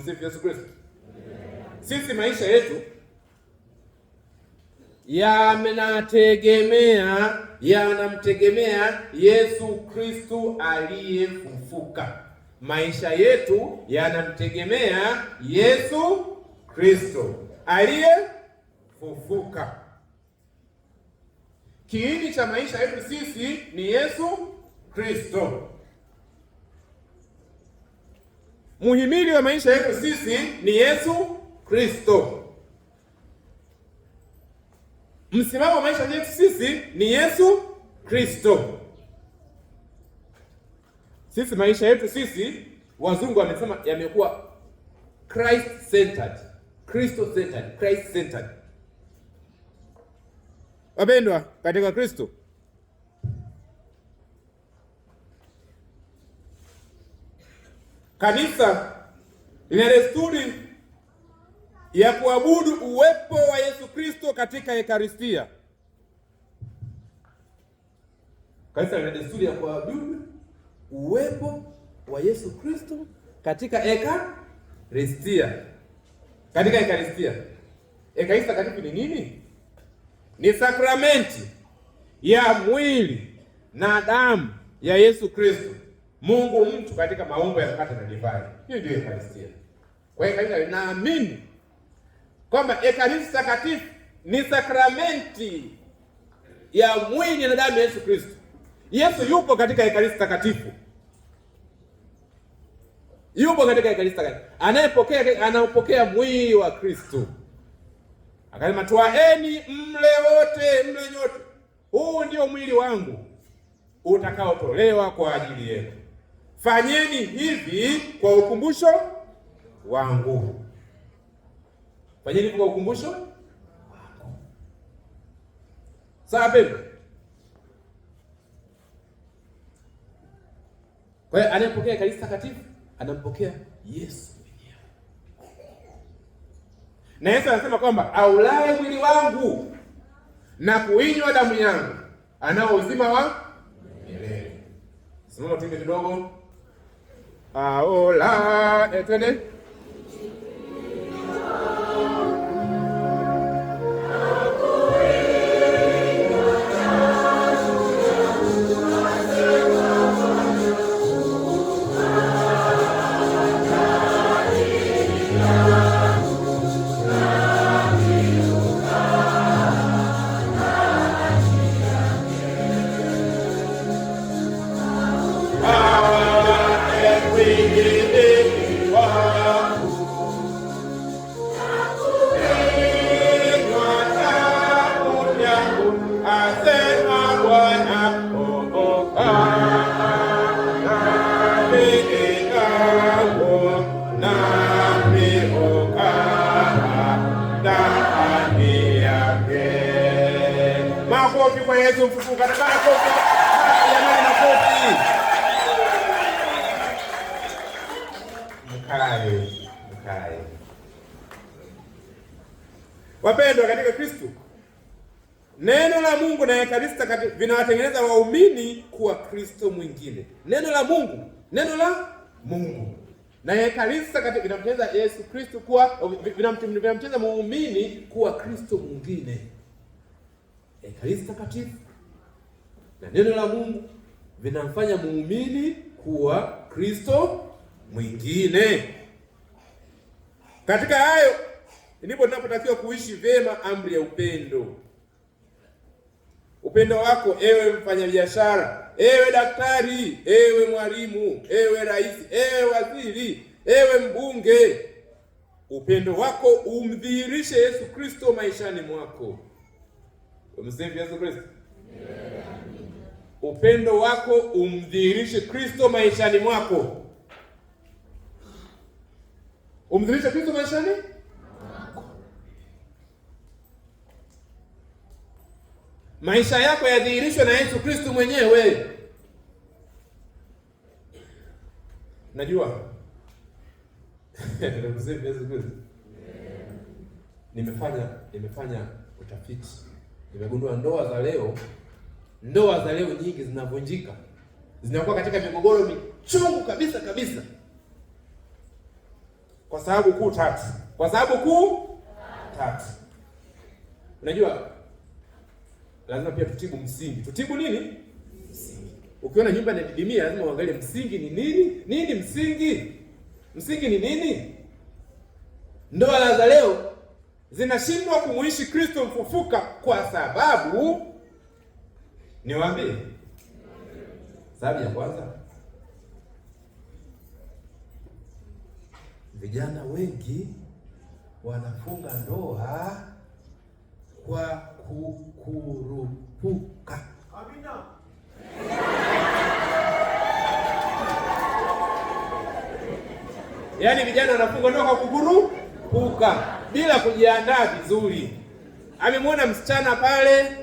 Msifu Yesu Kristo. Sisi maisha yetu yanategemea yanamtegemea Yesu Kristo aliyefufuka. Maisha yetu yanamtegemea Yesu Kristo aliyefufuka. Kiini cha maisha yetu sisi ni Yesu Kristo. Muhimili wa maisha yetu sisi ni Yesu Kristo. Msimamo wa maisha yetu sisi ni Yesu Kristo. Sisi maisha yetu sisi, wazungu wamesema yamekuwa Christ centered, Kristo centered, Christ centered. Wapendwa katika Kristo Kanisa lina desturi ya kuabudu uwepo wa Yesu Kristo katika Ekaristia. Kanisa lina desturi ya kuabudu uwepo wa Yesu Kristo katika Ekaristia. Katika Ekaristia. Ekaristia katifu ni nini? Ni sakramenti ya mwili na damu ya Yesu Kristo. Mungu mtu katika maumbo ya mkate na divai. Hiyo ndio Ekaristia. Kwa hiyo naamini kwamba Ekaristi takatifu ni sakramenti ya mwili na damu ya Yesu Kristo. Yesu yupo katika Ekaristi takatifu. Yupo katika Ekaristi takatifu. Anayepokea anaupokea mwili wa Kristo. Akasema twaheni mle wote, mle nyote. Huu ndio mwili wangu utakaotolewa kwa ajili yenu fanyeni hivi kwa ukumbusho wangu, fanyeni hivi kwa ukumbusho wangu. Sawa pendo. Kwa hiyo anayepokea kanisa takatifu anampokea Yesu mwenyewe, na Yesu anasema kwamba aulaye mwili wangu na kuinywa damu yangu anao uzima wa milele. Simama tuimbe kidogo. Ah, oh, la, mkae mkae. Wapendwa katika Kristo, neno la Mungu na Ekaristi vinawatengeneza waumini kuwa Kristo mwingine. Neno la Mungu, neno la Mungu na Ekaristi Takatifu vinamtengeneza Yesu Kristo kuwa vinamtengeneza muumini kuwa Kristo mwingine. Ekaristi Takatifu na neno la Mungu vinamfanya muumini kuwa Kristo mwingine. Katika hayo ndipo tunapotakiwa kuishi vyema amri ya upendo. Upendo wako, ewe mfanyabiashara, ewe daktari, ewe mwalimu, ewe rais, ewe waziri, ewe mbunge, upendo wako umdhihirishe Yesu Kristo maishani mwako. Umsifu Yesu Kristo. Upendo wako umdhihirishe Kristo maishani mwako umdhirishe Kristo maishani maisha yako yadhihirishwe na Yesu Kristo mwenyewe. Najua nimefanya nimefanya utafiti, nimegundua ndoa za leo, ndoa za leo nyingi zinavunjika, zinakuwa katika migogoro michungu kabisa kabisa kwa sababu kuu tatu, kwa sababu kuu tatu. Unajua lazima pia tutibu msingi. Tutibu nini? Msingi. Ukiona nyumba inadidimia, lazima uangalie msingi ni nini. Nini msingi? Msingi ni nini? Ndoa za leo zinashindwa kumuishi Kristo mfufuka kwa sababu, niwaambie sababu ya kwanza Vijana wengi wanafunga ndoa kwa kukurupuka. Amina. Yaani vijana wanafunga ndoa kwa kukurupuka bila kujiandaa vizuri. Amemwona msichana pale,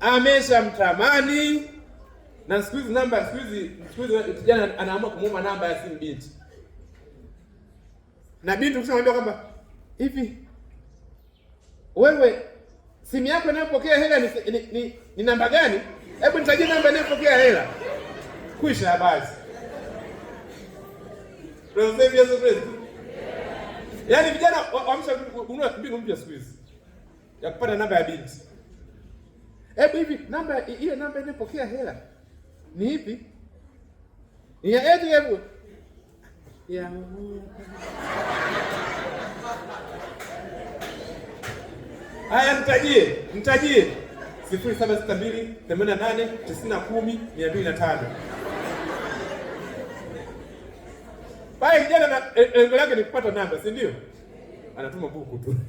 ameshamtamani na siku hizi namba, siku hizi siku hizi kijana anaamua kumuuma namba ya simu binti na binti ukishamwambia kwamba hivi wewe simu yako inayopokea hela ni, ni, ni, ni namba gani? Hebu nitajie namba inayopokea hela. Kwisha basi. Yaani vijana waamsha kununua mbinu mpya siku hizi ya kupata namba ya binti. Hebu hivi namba ile namba inayopokea hela ni ipi? Ni ya eti hebu yang haya, mtajie mtajie 0762 88 90 10 205. Baya kijana na e, lengo lake ni kupata namba, si ndio? Anatuma buku tu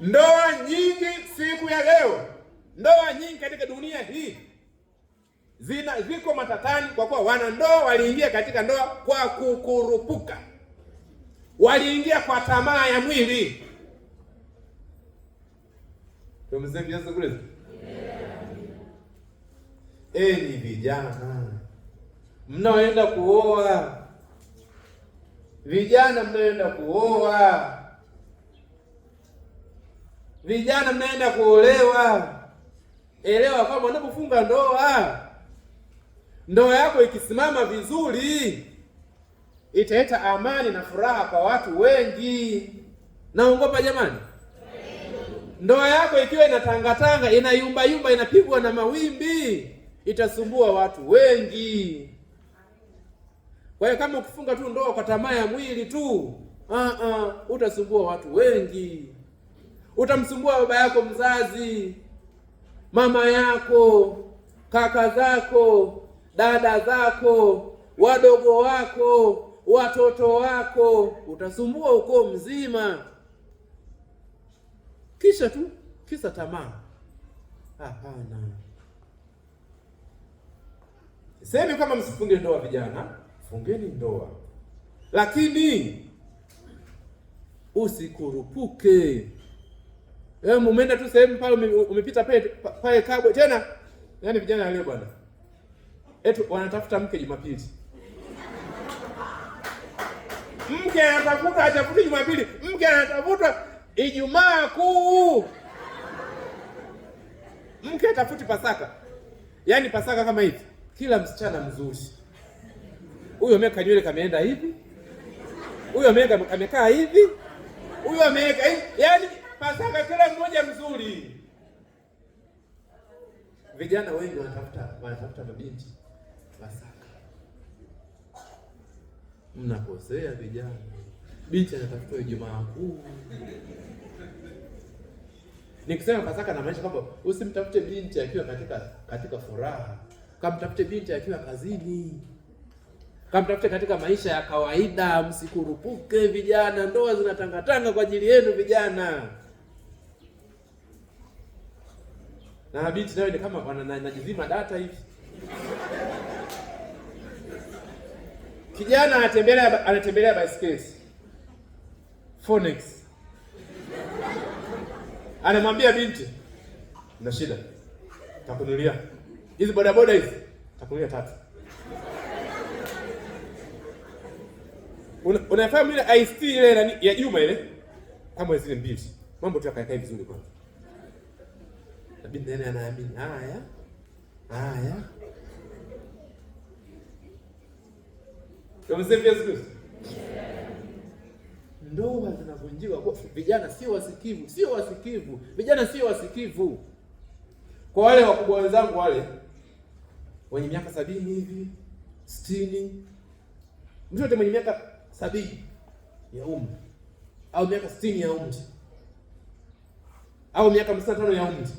ndoa nyingi siku ya leo, ndoa nyingi katika dunia hii zina ziko matatani, kwa kuwa wanandoa waliingia katika ndoa kwa kukurupuka, waliingia kwa tamaa ya mwili. Enyi vijana mnaoenda kuoa, vijana mnaoenda kuoa, vijana mnaenda kuolewa, elewa kwamba unapofunga ndoa Ndoa yako ikisimama vizuri italeta amani na furaha kwa watu wengi. Naongopa jamani, ndoa yako ikiwa inatangatanga, inayumbayumba, inapigwa na mawimbi, itasumbua watu wengi. Kwa hiyo kama ukifunga tu ndoa kwa tamaa ya mwili tu, ah -uh, utasumbua watu wengi. Utamsumbua baba yako mzazi, mama yako, kaka zako dada zako, wadogo wako, watoto wako, utasumbua uko mzima, kisha tu kisa tamaa. Hapana, sisemi kama msifunge ndoa, vijana fungeni ndoa, lakini usikurupuke. Wewe umeenda tu sehemu pale, umepita pale Kabwe tena, yaani vijana leo bwana eti wanatafuta mke Jumapili. Mke anatafuta atafuti Jumapili, mke anatafuta Ijumaa Kuu, mke atafuti Pasaka. Yaani Pasaka kama hivi, kila msichana mzuri huyo ameweka nywele kameenda hivi, huyo ameweka kamekaa hivi, huyo ameweka hivi, yaani Pasaka kila mmoja mzuri. Vijana wengi wanatafuta wanatafuta mabinti Pasaka. Mnakosea vijana, bichi anatafuta Ijumaa Kuu. Nikisema Pasaka namaanisha kwamba usimtafute binti akiwa katika katika furaha, kamtafute binti akiwa kazini, kamtafute katika maisha ya kawaida. Msikurupuke vijana, ndoa zinatangatanga kwa ajili yenu vijana. Na binti nayo ni kama wanajizima data hivi Kijana anatembelea anatembelea baiskeli Phoenix, anamwambia binti, na shida takunulia hizi bodaboda hizi takunulia tatu. unafahamu ile ICT ile ya Juma ile kama zile mbili, mambo tu yakaikae vizuri kwanza, na binti anaamini haya haya Tumsifu Yesu Kristo. Ndoa zinavunjiwa kwa vijana sio wasikivu, sio wasikivu. Vijana sio wasikivu. Kwa wale wakubwa wenzangu wale wenye miaka sabini hivi, sitini, mtu yote mwenye miaka sabini ya umri au miaka sitini ya umri au miaka hamsini na tano ya umri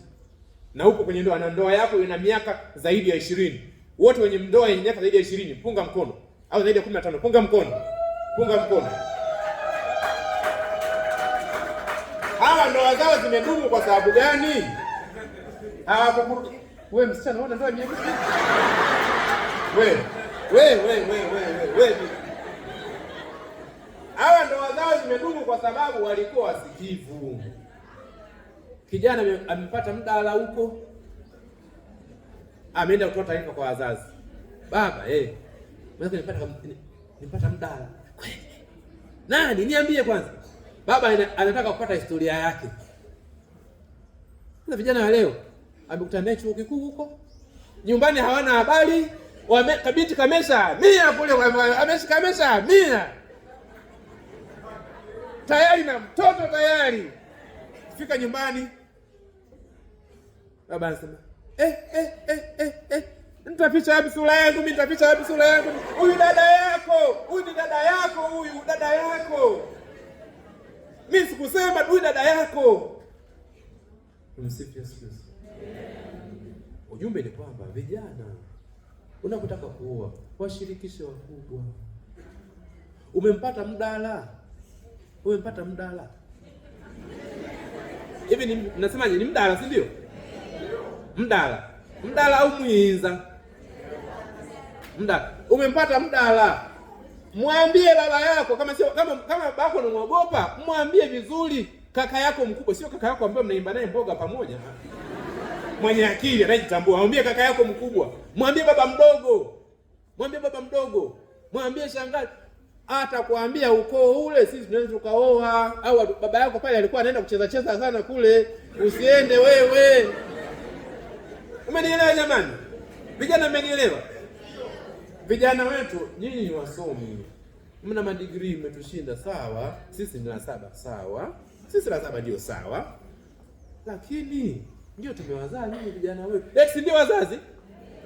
na huko kwenye ndoa na ndoa yako ina miaka zaidi ya ishirini, wote wenye ndoa yenye miaka zaidi ya ishirini punga mkono au zaidi ya 15. Punga mkono, punga mkono. Hawa ndoa zao zimedumu kwa sababu gani? Hawakuburuki. wewe msichana, unaona ndoa nyingi. Wewe wewe wewe wewe wewe. Hawa ndoa zao zimedumu kwa sababu walikuwa wasikivu. Kijana amepata mdala huko, ameenda kutoa taarifa kwa wazazi, baba eh hey nipata nipata mdala. Nani niambie kwanza, baba anataka kupata historia yake. Na vijana wa leo amekutana naye chuo kikuu huko, nyumbani hawana habari, kabiti kamesa mia kule, amesi kamesa mia tayari na mtoto tayari. Fika nyumbani, baba anasema eh, eh, eh, eh, eh nitaficha wapi sura yangu mimi, nitaficha sura yangu. Huyu dada yako, huyu ni dada yako, huyu dada yako. Mimi sikusema, huyu dada yako. Tumsifu Yesu Kristo. Ujumbe ni kwamba vijana, unapotaka kuoa washirikishe wakubwa. Umempata mdala, umempata mdala hivi, nasemaje? Ni mdala, si ndio? Mdala, mdala au mwiza Mdala. Umempata muda ala Mwambie baba yako kama sio kama kama bako yako unamwogopa, mwambie vizuri kaka yako mkubwa, sio kaka yako ambaye mnaimba naye mboga pamoja. Mwenye akili anajitambua. Mwambie kaka yako mkubwa. Mwambie baba mdogo. Mwambie baba mdogo. Mwambie shangazi. Hata kuambia ukoo ule sisi tunaweza tukaoa au baba yako pale alikuwa anaenda kucheza cheza sana kule. Usiende wewe. Umenielewa jamani? Vijana mmenielewa? vijana wetu, nyinyi ni wasomi, mna madigrii, mmetushinda sawa. Sisi ni la saba, sawa. Sisi la saba ndio sawa, lakini ndio tumewazaa nyinyi vijana wetu, eh, si ndio wazazi?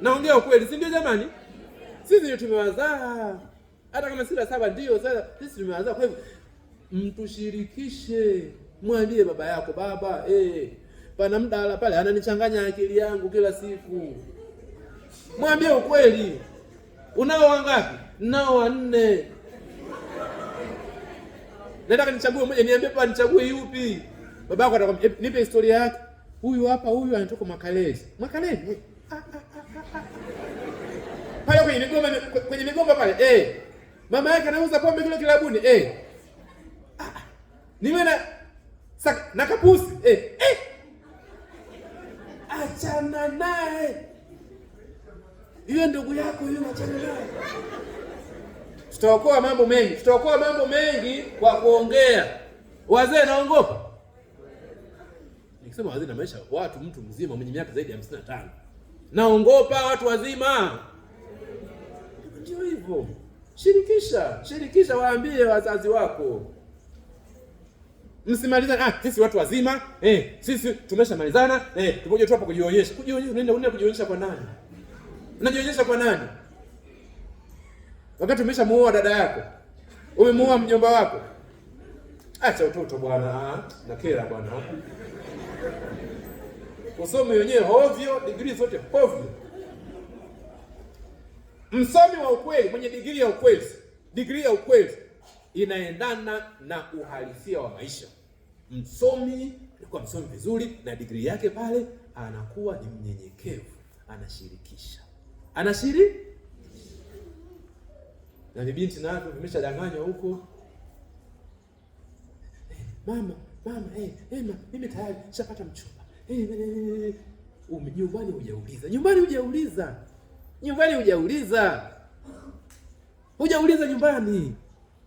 Naongea ukweli, si ndio jamani? Sisi ndio tumewazaa, hata kama sisi la saba ndio sasa, sisi tumewazaa. Kwa hivyo mtushirikishe, mwambie baba yako, baba eh, pana mdala pale ananichanganya akili yangu kila siku. Mwambie ukweli. Unao wangapi? Nao wanne. Nataka nichague mmoja, niambie baba, nichague yupi? Babako atakwambia eh, nipe historia yake. Huyu hapa, huyu anatoka Makalezi. Makalezi? Eh, ah, ah, ah, pale kwenye migomba, kwenye migomba pale. Eh. Mama yake anauza pombe kule kilabuni. Eh. Niwe na na kapusi. Eh. Eh. Achana naye hiyo ndugu yako hiyo, wachana naye. Tutaokoa mambo mengi, tutaokoa mambo mengi kwa kuongea. Wazee naongopa nikisema wazee na maisha watu, mtu mzima mwenye miaka zaidi ya hamsini na tano naongopa watu wazima. Ndio hivyo, shirikisha, shirikisha, waambie wazazi wako. Msimaliza ah, sisi watu wazima eh, sisi tumeshamalizana eh, tumoja tu hapo kujionyesha. Kujionyesha unaenda unaenda kujionyesha kwa nani? Unajionyesha kwa nani? Wakati umeshamuoa dada yako, umemuoa mjomba wako. Acha utoto bwana, ah, na kera bwana, usome wenyewe hovyo, digrii zote hovyo. Msomi wa ukweli, mwenye degree ya ukweli, digrii ya ukweli inaendana na uhalisia wa maisha. Msomi kwa msomi vizuri na digrii yake pale, anakuwa ni mnyenyekevu, anashirikisha ana siri na vibinti navyo vimeshadanganywa huko. Eh, mama, mama, hey, hey, hey, mimi tayari nishapata mchumba. Hey, eh, eh, hey, hey. Nyumbani hujauliza, nyumbani hujauliza, nyumbani hujauliza, hujauliza nyumbani.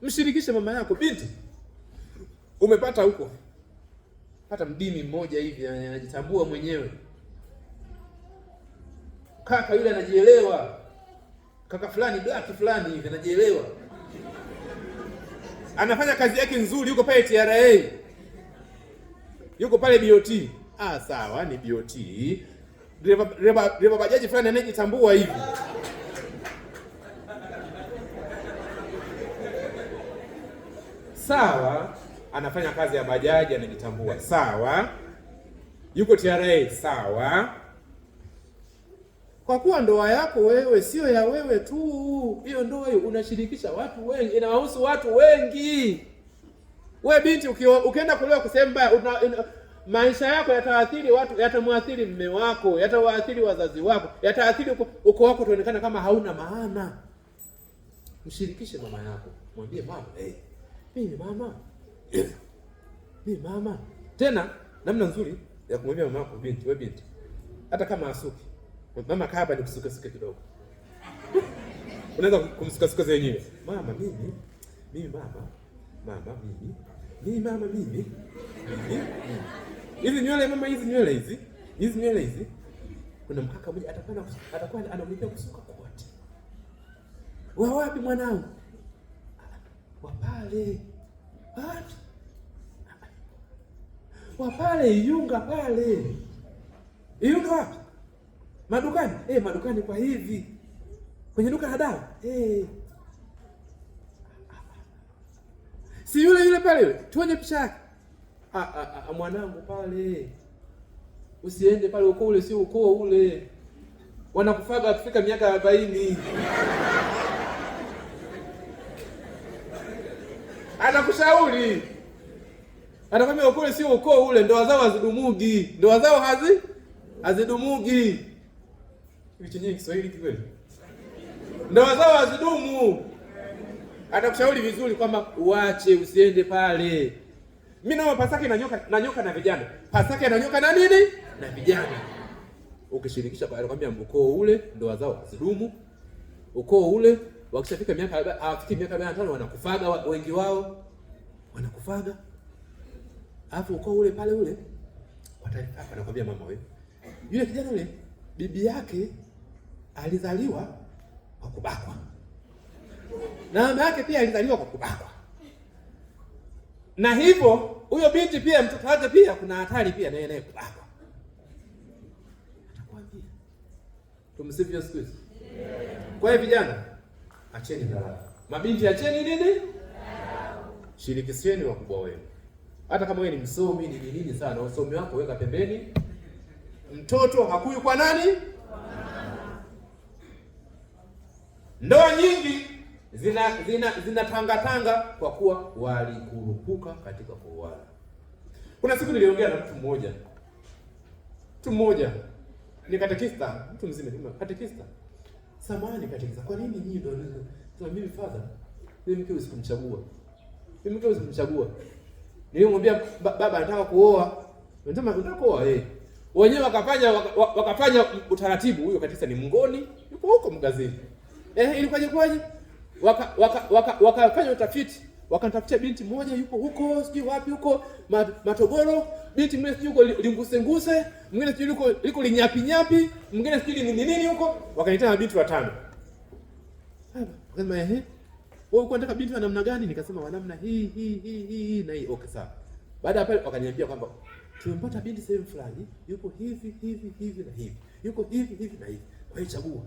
Mshirikishe mama yako. Binti umepata huko, hata mdini mmoja hivi anajitambua mwenyewe kaka yule anajielewa, kaka fulani black fulani hivi anajielewa, anafanya kazi yake nzuri, yuko pale TRA, yuko pale BOT. Ah, sawa, ni BOT. Dereva bajaji fulani anayejitambua hivi sawa, anafanya kazi ya bajaji, anajitambua sawa, yuko TRA sawa kwa kuwa ndoa yako wewe sio ya wewe tu. Hiyo ndoa hiyo unashirikisha watu wengi, inawahusu watu wengi. We binti, ukienda kulewa kusema maisha yako yataathiri watu, yatamwathiri mme wako, yatawaathiri wazazi wako, yataathiri uko wako, tuonekana kama hauna maana. Mshirikishe mama yako, mwambie mama, hey, eh, mimi mama mimi mama. Tena namna nzuri ya kumwambia mama yako, binti, we binti, hata kama asuki Mama kaa hapa nikusukasuke kidogo. Unaweza kumsukasuka zenyewe. Mama mimi, mimi mama, mama mimi, mimi mama mimi. Hizi nywele mama, hizi nywele hizi, hizi nywele hizi. Kuna mkaka mmoja atakuwa atakuwa anamlipia kusuka kote. Wa wapi mwanangu? Wa pale. What? Wa pale Iyunga pale. Iyunga wapi? madukani eh, madukani kwa hivi, kwenye duka la dawa eh, si yule yule pale, yule tuone picha yake. Ah, ah, ah, mwanangu pale, usiende pale, ukoo ule sio ukoo ule, wanakufaga kufika miaka arobaini anakushauri anakwambia, ukoo ule sio ukoo ule, ndoa zao hazidumugi, ndoa zao hazi- hazidumugi nini Kiswahili kweli. Ndoa zao hazidumu. Anakushauri vizuri kwamba uache, usiende pale. Mimi naona Pasaka inanyoka nyoka na nyoka na vijana. Pasaka inanyoka na nini? Na vijana. Ukishirikisha pale kwambia mkoo ule ndoa zao hazidumu. Ukoo ule wakishafika miaka hawafiki miaka 45 wanakufaga wengi wao. Wanakufaga. Alafu ukoo ule pale ule watalipa. Anakwambia mama wewe. Yule kijana yule bibi yake Alizaliwa kwa kubakwa na mama yake pia alizaliwa kwa kubakwa, na hivyo huyo binti pia mtoto wake pia kuna hatari pia yeye naye kubakwa. Atakwambia tumsivyo siku Kwa hiyo vijana, acheni dharau. Mabinti acheni nini? Shirikisheni wakubwa wenu, hata kama wewe ni msomi ni nini sana, usomi wako weka pembeni. Mtoto hakuyu kwa nani? Ndoa nyingi zina zina zinatangatanga kwa kuwa walikurupuka katika kuoana. Kuna siku niliongea na mtu mmoja, mtu mmoja ni katekista, mtu mzima ni katekista. Samani katekista, kwa nini nyinyi ndio ndio mimi father? Mimi mke usikumchagua. Mimi mke usikumchagua. Nilimwambia baba anataka kuoa. Unataka unataka kuoa eh. Wenyewe wakafanya wakafanya utaratibu, huyo katekista ni mngoni, yuko huko mgazini. Eh, ilikuwaje kwaje? Waka wakafanya waka, waka utafiti, wakamtafutia binti moja yuko huko, sijui wapi huko Matogoro, binti mwingine sijui yuko linguse nguse, mwingine sijui yuko yuko linyapi nyapi, mwingine sijui ni nini huko, wakaniita na binti watano. Wakasema ehe. Wewe uko unataka binti wa namna gani? Nikasema wa namna hii hii hii hii na hii. Okay sawa. Baada ya pale wakaniambia kwamba tumempata binti sehemu fulani, yuko hivi hivi hivi na hivi. Yuko hivi hivi na hivi. Kwa hiyo chagua.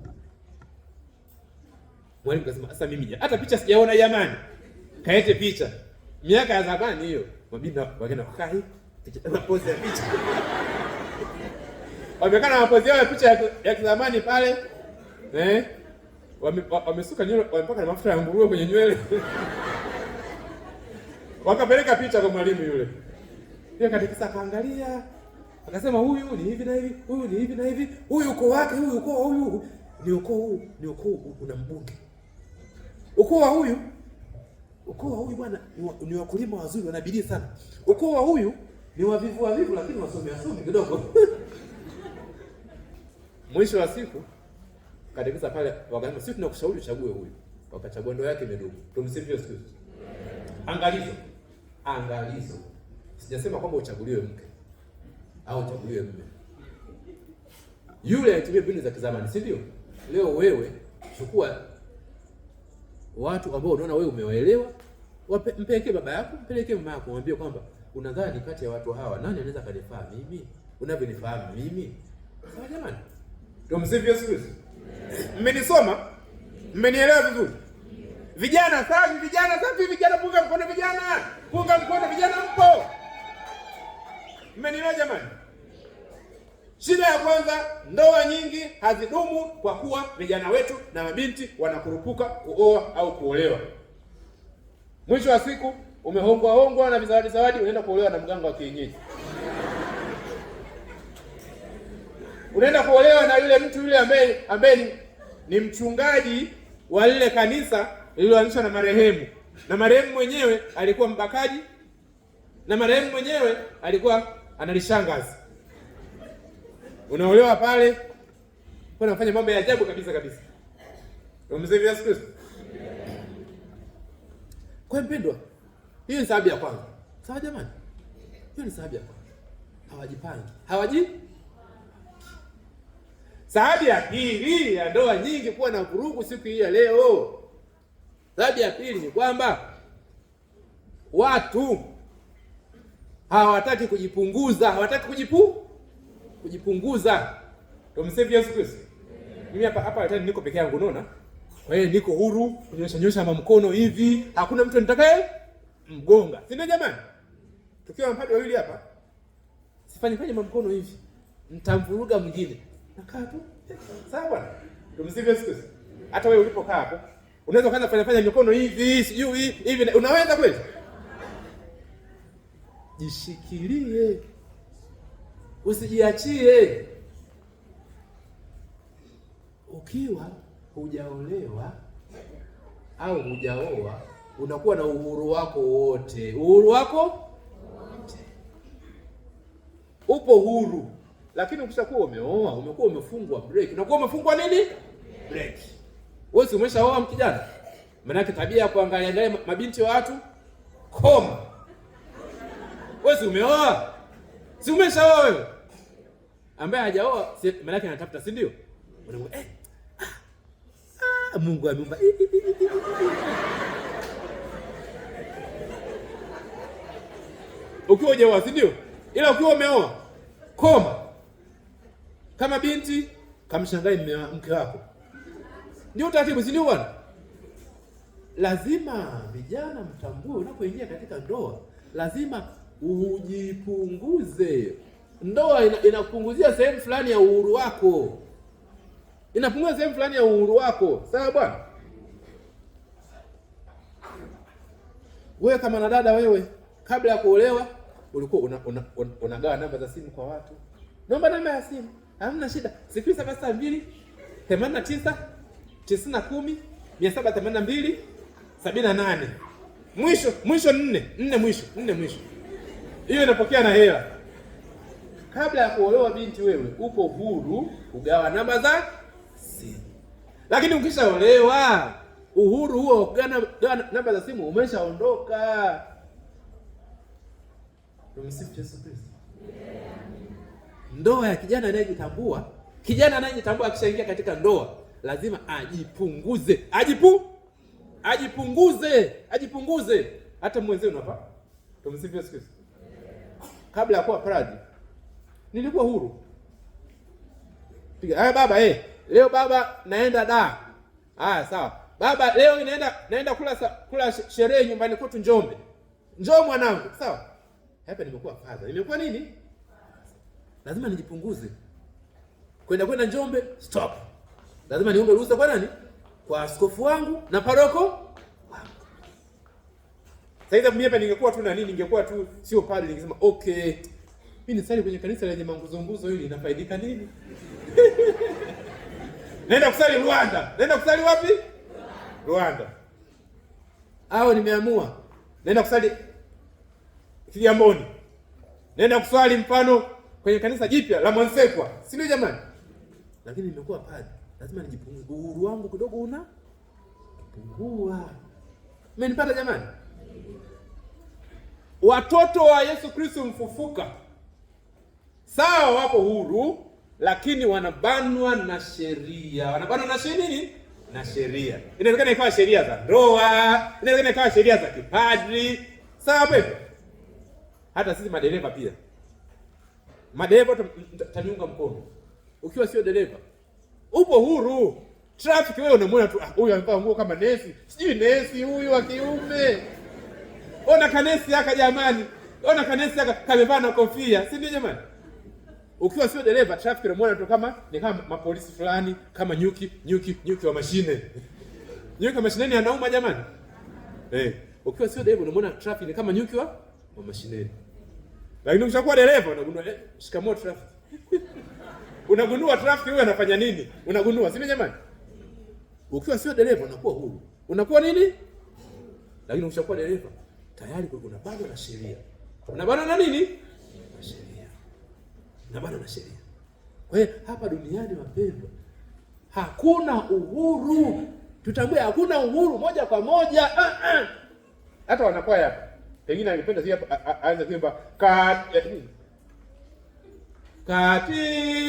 Mwalimu kasema sasa mimi ya. hata picha sijaona jamani. Kaete picha. Miaka ya zamani hiyo. Mabinda wakaenda wakaa hivi. Na pose ya picha. Wamekaa na pose yao ya picha ya kizamani pale. Eh? Wamesuka nywele, wamepaka na mafuta ya nguruwe kwenye nywele. Wakapeleka picha kwa mwalimu yule. Yeye katikisa akaangalia. Akasema huyu ni hivi na hivi, huyu ni hivi na hivi, huyu uko wake, huyu uko huyu. Ni ukoo huu, ni ukoo una mbunge. Ukoo wa huyu ukoo wa huyu bwana ni wakulima wazuri, wana bidii sana. Ukoo wa huyu ni wavivu wavivu, lakini wasomi wasomi kidogo mwisho wa siku katekisa pale wakasema, sisi tunakushauri uchague huyu. Wakachagua, ndoa yake imedumu. Tumsifie siku Angalizo, angalizo, sijasema kwamba uchaguliwe mke au uchaguliwe mume. Yule alitumia mbinu za kizamani, si ndio? Leo wewe chukua watu ambao unaona wewe umewaelewa, mpeleke baba yako, mpeleke mama yako, mwambie kwamba unadhani kati ya watu hawa nani anaweza kanifaa mimi unavyonifahamu mimi. Sawa jamani, tumsifu Yesu Kristo. Mmenisoma? Mmenielewa vizuri? Vijana safi, vijana safi, vijana punga mkono, vijana punga mkono, vijana mpo, mmenielewa jamani? Shida ya kwanza, ndoa nyingi hazidumu kwa kuwa vijana wetu na mabinti wanakurupuka kuoa au kuolewa. Mwisho wa siku umehongwa hongwa na vizawadi zawadi, unaenda kuolewa na mganga wa kienyeji, unaenda kuolewa na yule mtu yule ambaye ambaye ni, ni mchungaji wa lile kanisa lililoanzishwa na marehemu, na marehemu mwenyewe alikuwa mbakaji, na marehemu mwenyewe alikuwa analishangazi unaolewa pale, nafanya mambo ya ajabu kabisa kabisa. Umsemea Yesu Kristo. Kwa mpendwa, hiyo ni sababu ya kwanza. Sawa jamani, hiyo ni sababu ya kwanza, hawajipangi, hawaji. Sababu ya pili ya ndoa nyingi kuwa na vurugu siku hii ya leo, sababu ya pili ni kwamba watu hawataki kujipunguza, hawataki kujipu kujipunguza. Tumsifu Yesu Kristo. Mimi hapa hapa tena niko peke yangu unaona? Kwa hiyo niko huru kunyosha nyosha ama mkono hivi, hakuna mtu nitakaye mgonga. Si ndio jamani? Tukiwa mapadri wawili hapa, sifanye fanye mkono hivi. Nitamvuruga mwingine. Nakaa tu. Sawa bwana. Tumsifu Yesu Kristo. Hata wewe ulipokaa hapo, unaweza kwanza fanya fanya mikono hivi, sijui hivi, unaweza kweli? Jishikilie. Usijiachie. Ukiwa hujaolewa au hujaoa, unakuwa na uhuru wako wote. Uhuru wako wote, upo huru. Lakini ukishakuwa umeoa, umekuwa umefungwa break. Unakuwa umefungwa nini? Break. Wewe si umeshaoa mkijana? Maana yake tabia ya kuangalia ndani mabinti wa watu koma. Wewe si umeoa? Si umeshaoa wewe? ambaye hajaoa maana yake anatafuta, si ndio? eh, ah, ah Mungu ameumba ukiwa hujaoa, si ndio? Ila ukiwa umeoa, koma kama binti, kamshangae mke wako. Ndio utaratibu, si ndio bwana? Lazima vijana mtambue, unapoingia katika ndoa lazima ujipunguze ndoa ina, sehemu fulani ya uhuru wako, inapungua sehemu fulani ya uhuru wako. Sawa bwana, wewe kama na dada, wewe kabla ya kuolewa ulikuwa unagawa una, una, una namba za simu kwa watu, naomba namba ya simu, hamna shida, sifuri saba sita mbili themanini na tisa tisini na kumi mia saba themanini na mbili sabini na nane mwisho mwisho nne nne mwisho nne mwisho, hiyo inapokea na hela kabla ya kuolewa binti, wewe uko huru kugawa namba za simu, lakini ukishaolewa uhuru huo wa kugawa namba za simu umeshaondoka. Tumsifu Yesu Kristo. Ndoa ya kijana anayejitambua, kijana anayejitambua akishaingia katika ndoa lazima ajipunguze, ajipu ajipunguze, ajipunguze hata mwenzenu hapa. Tumsifu Yesu Kristo. Kabla ya kuwa paradi nilikuwa huru. Piga baba, eh, leo baba naenda da. Haya sawa. Baba leo inaenda naenda kula kula sherehe nyumbani kwetu Njombe. Njoo mwanangu, sawa? Hapa nimekuwa father. Nimekuwa nini? Lazima nijipunguze. Kwenda kwenda Njombe stop. Lazima niombe ruhusa kwa nani? Kwa askofu wangu na paroko sasa mimi hapa ningekuwa tu na nini, ningekuwa tu sio padre, ningesema okay, mimi nisali kwenye kanisa lenye manguzunguzo hili nafaidika nini? Naenda kusali Rwanda. Naenda kusali wapi? Rwanda. Au nimeamua naenda kusali Kigamboni. Naenda kuswali mfano kwenye kanisa jipya la Mwansekwa. Si ndio jamani? Lakini nimekuwa padri. Lazima nijipunguze. Uhuru wangu kidogo una pungua. Mmenipata jamani? Watoto wa Yesu Kristo mfufuka sawa, wapo huru, lakini wanabanwa na sheria. Wanabanwa na sheria nini? Na sheria. Inawezekana ikawa sheria za ndoa, inawezekana ikawa sheria za kipadri. Sawa pepe. Hata sisi madereva pia, madereva taniunga mkono. Ukiwa sio dereva, upo huru trafiki wewe unamwona tu, ah, huyu amevaa nguo kama nesi, sijui nesi huyu wa kiume, ona kanesi aka, jamani, ona kanesi aka kamevaa na kofia, si ndio jamani? Ukiwa sio dereva traffic unamwona mtu kama ni kama mapolisi fulani, kama nyuki, nyuki, nyuki wa mashine. nyuki wa mashine ni anauma jamani. Eh, ukiwa sio dereva unamwona traffic ni kama nyuki wa, wa mashine, Lakini ukishakuwa dereva unagundua eh, shikamoo traffic. unagundua traffic huyu anafanya nini? Unagundua, si jamani? Ukiwa sio dereva unakuwa huru. Unakuwa nini? Lakini ukishakuwa dereva tayari kuna bado na sheria. Kuna bado na nini? na bado na sheria. Kwa hiyo hapa duniani, wapendwa, hakuna uhuru. Tutambue hakuna uhuru moja kwa moja. Ah, ah. Hata wanakwaya pengine angependa si aanze kuimba kati ta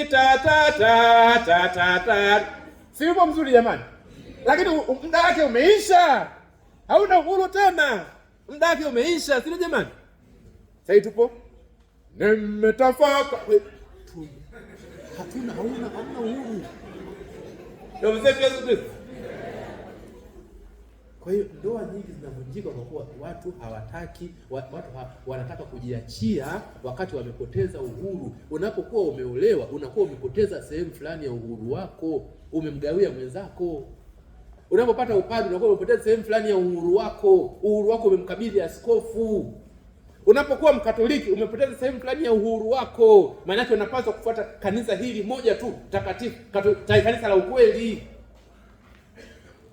ta ta ta ta ta, si mzuri jamani, lakini muda wake umeisha, hauna uhuru tena, muda wake umeisha, sio jamani? Sasa tupo nimetafaka Hakuna, hauna hamna uhuru. Kwa hiyo ndoa nyingi zinavunjika kwa kuwa watu hawataki watu ha, wanataka kujiachia wakati wamepoteza uhuru. Unapokuwa umeolewa unakuwa umepoteza sehemu fulani ya uhuru wako, umemgawia mwenzako. Unapopata upadri unakuwa umepoteza sehemu fulani ya uhuru wako, uhuru wako umemkabidhi askofu. Unapokuwa Mkatoliki umepoteza sehemu fulani ya uhuru wako, maanake unapaswa kufuata kanisa hili moja tu takatifu, kanisa la ukweli.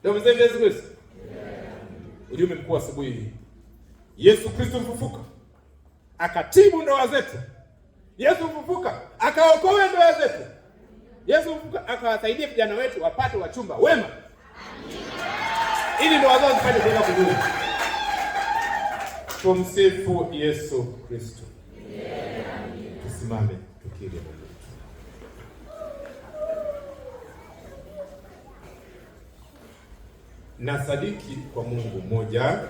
Yesu Kristo. Ujumbe mkuu asubuhi hii, Yesu Kristo mfufuka akatibu ndoa zetu. Yesu mfufuka akaokoa ndoa zetu. Yesu mfufuka akawasaidia vijana wetu wapate wachumba wema, ili ndoa zao zipate kuenda kuzuri. Tumsifu Yesu Kristo. Tusimame tukiri. Na sadiki kwa Mungu mmoja